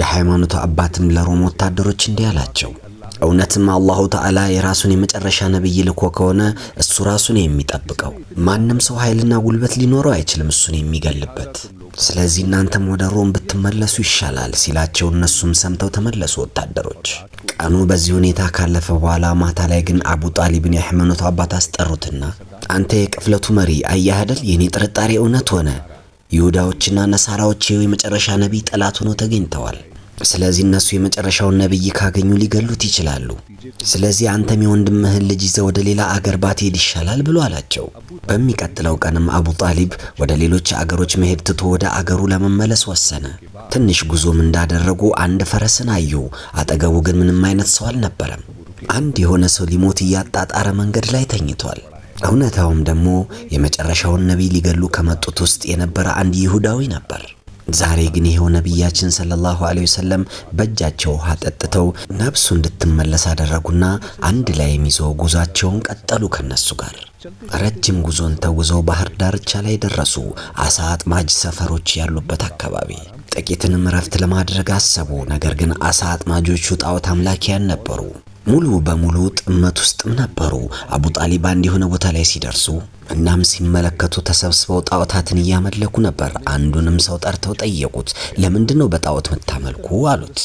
የሃይማኖት አባትም ለሮም ወታደሮች እንዲህ አላቸው፣ እውነትም አላሁ ተዓላ የራሱን የመጨረሻ ነቢይ ልኮ ከሆነ እሱ ራሱን የሚጠብቀው ማንም ሰው ኃይልና ጉልበት ሊኖረው አይችልም እሱን የሚገልበት። ስለዚህ እናንተም ወደ ሮም ብትመለሱ ይሻላል ሲላቸው እነሱም ሰምተው ተመለሱ ወታደሮች። ቀኑ በዚህ ሁኔታ ካለፈ በኋላ ማታ ላይ ግን አቡ ጣሊብን የሃይማኖቱ አባት አስጠሩትና አንተ የቅፍለቱ መሪ አያህደል የእኔ ጥርጣሬ እውነት ሆነ ይሁዳዎችና ነሳራዎች ይኸው የመጨረሻ ነቢይ ጠላት ሆነው ተገኝተዋል። ስለዚህ እነሱ የመጨረሻውን ነቢይ ካገኙ ሊገሉት ይችላሉ። ስለዚህ አንተም የወንድምህን ልጅ ይዘ ወደ ሌላ አገር ባትሄድ ይሻላል ብሎ አላቸው። በሚቀጥለው ቀንም አቡ ጣሊብ ወደ ሌሎች አገሮች መሄድ ትቶ ወደ አገሩ ለመመለስ ወሰነ። ትንሽ ጉዞም እንዳደረጉ አንድ ፈረስን አዩ። አጠገቡ ግን ምንም አይነት ሰው አልነበረም። አንድ የሆነ ሰው ሊሞት እያጣጣረ መንገድ ላይ ተኝቷል። እውነታውም ደግሞ የመጨረሻውን ነቢይ ሊገሉ ከመጡት ውስጥ የነበረ አንድ ይሁዳዊ ነበር። ዛሬ ግን ይኸው ነቢያችን ሰለላሁ ዐለይሂ ወሰለም በእጃቸው ውሃ ጠጥተው ነፍሱ እንድትመለስ አደረጉና አንድ ላይም ይዘው ጉዟቸውን ቀጠሉ። ከነሱ ጋር ረጅም ጉዞን ተጉዘው ባህር ዳርቻ ላይ ደረሱ። አሳ አጥማጅ ሰፈሮች ያሉበት አካባቢ ጥቂትንም እረፍት ለማድረግ አሰቡ። ነገር ግን አሳ አጥማጆቹ ጣዖት አምላኪያን ነበሩ። ሙሉ በሙሉ ጥመት ውስጥም ነበሩ። አቡ ጣሊባ የሆነ ቦታ ላይ ሲደርሱ እናም ሲመለከቱ ተሰብስበው ጣዖታትን እያመለኩ ነበር። አንዱንም ሰው ጠርተው ጠየቁት። ለምንድን ነው በጣዖት የምታመልኩ አሉት።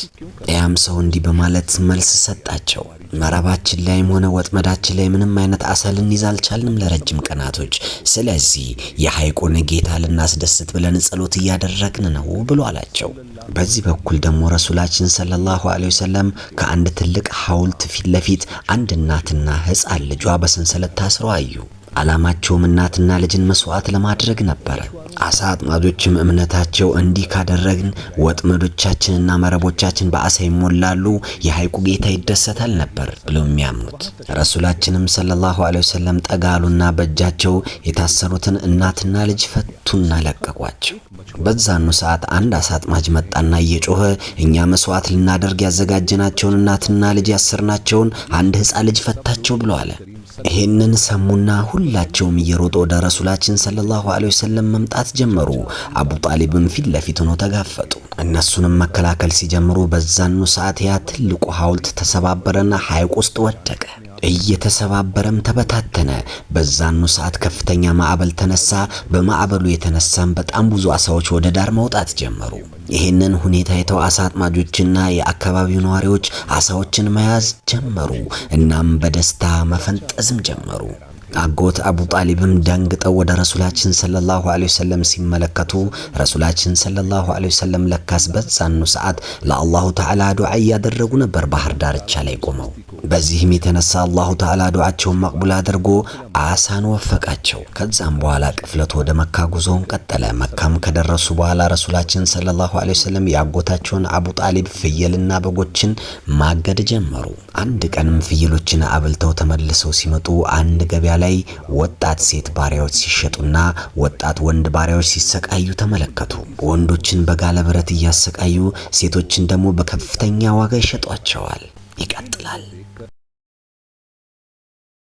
ያም ሰው እንዲህ በማለት መልስ ሰጣቸው። መረባችን ላይም ሆነ ወጥመዳችን ላይ ምንም አይነት አሳ ልንይዝ አልቻልንም ለረጅም ቀናቶች። ስለዚህ የሐይቁን ጌታ ልናስደስት ብለን ጸሎት እያደረግን ነው ብሎ አላቸው። በዚህ በኩል ደግሞ ረሱላችን ሰለላሁ ዐለይሂ ወሰለም ከአንድ ትልቅ ሐውልት ፊት ለፊት አንድ እናትና ሕፃን ልጇ በሰንሰለት ታስረው አዩ። ዓላማቸውም እናትና ልጅን መስዋዕት ለማድረግ ነበረ። አሳ አጥማጆችም እምነታቸው እንዲህ ካደረግን ወጥመዶቻችንና መረቦቻችን በአሳ ይሞላሉ፣ የሐይቁ ጌታ ይደሰታል ነበር ብለው የሚያምኑት። ረሱላችንም ሰለላሁ ዐለይሂ ወሰለም ጠጋሉና በእጃቸው የታሰሩትን እናትና ልጅ ፈቱና ለቀቋቸው። በዛኑ ሰዓት አንድ አሳ አጥማጅ መጣና እየጮኸ እኛ መስዋዕት ልናደርግ ያዘጋጀናቸውን እናትና ልጅ ያሰርናቸውን አንድ ሕፃን ልጅ ፈታቸው ብሎ ይህንን ሰሙና ሁላቸውም እየሮጡ ወደ ረሱላችን ሰለላሁ ዐለይሂ ወሰለም መምጣት ጀመሩ። አቡ ጣሊብም ፊት ለፊት ሆኖ ተጋፈጡ። እነሱንም መከላከል ሲጀምሩ በዛኑ ሰዓት ያ ትልቁ ሐውልት ተሰባበረና ሐይቅ ውስጥ ወደቀ። እየተሰባበረም ተበታተነ። በዛኑ ሰዓት ከፍተኛ ማዕበል ተነሳ። በማዕበሉ የተነሳም በጣም ብዙ አሳዎች ወደ ዳር መውጣት ጀመሩ። ይህንን ሁኔታ የተው አሳ አጥማጆችና የአካባቢው ነዋሪዎች አሳዎችን መያዝ ጀመሩ። እናም በደስታ መፈንጠዝም ጀመሩ። አጎት አቡ ጣሊብም ደንግጠው ወደ ረሱላችን ሰለላሁ ዐለይሂ ወሰለም ሲመለከቱ ረሱላችን ሰለላሁ ዐለይሂ ወሰለም ለካስ በዛኑ ሰዓት ለአላሁ ተዓላ ዱዓ እያደረጉ ነበር ባህር ዳርቻ ላይ ቆመው። በዚህም የተነሳ አላሁ ተዓላ ዱዓቸውን መቅቡል አድርጎ አሳን ወፈቃቸው። ከዛም በኋላ ቅፍለት ወደ መካ ጉዞውን ቀጠለ። መካም ከደረሱ በኋላ ረሱላችን ሰለላሁ ዐለይሂ ወሰለም የአጎታቸውን አቡ ጣሊብ ፍየልና በጎችን ማገድ ጀመሩ። አንድ ቀንም ፍየሎችን አብልተው ተመልሰው ሲመጡ አንድ ገበያ ላይ ወጣት ሴት ባሪያዎች ሲሸጡና ወጣት ወንድ ባሪያዎች ሲሰቃዩ ተመለከቱ። ወንዶችን በጋለ ብረት እያሰቃዩ፣ ሴቶችን ደግሞ በከፍተኛ ዋጋ ይሸጧቸዋል። ይቀጥላል።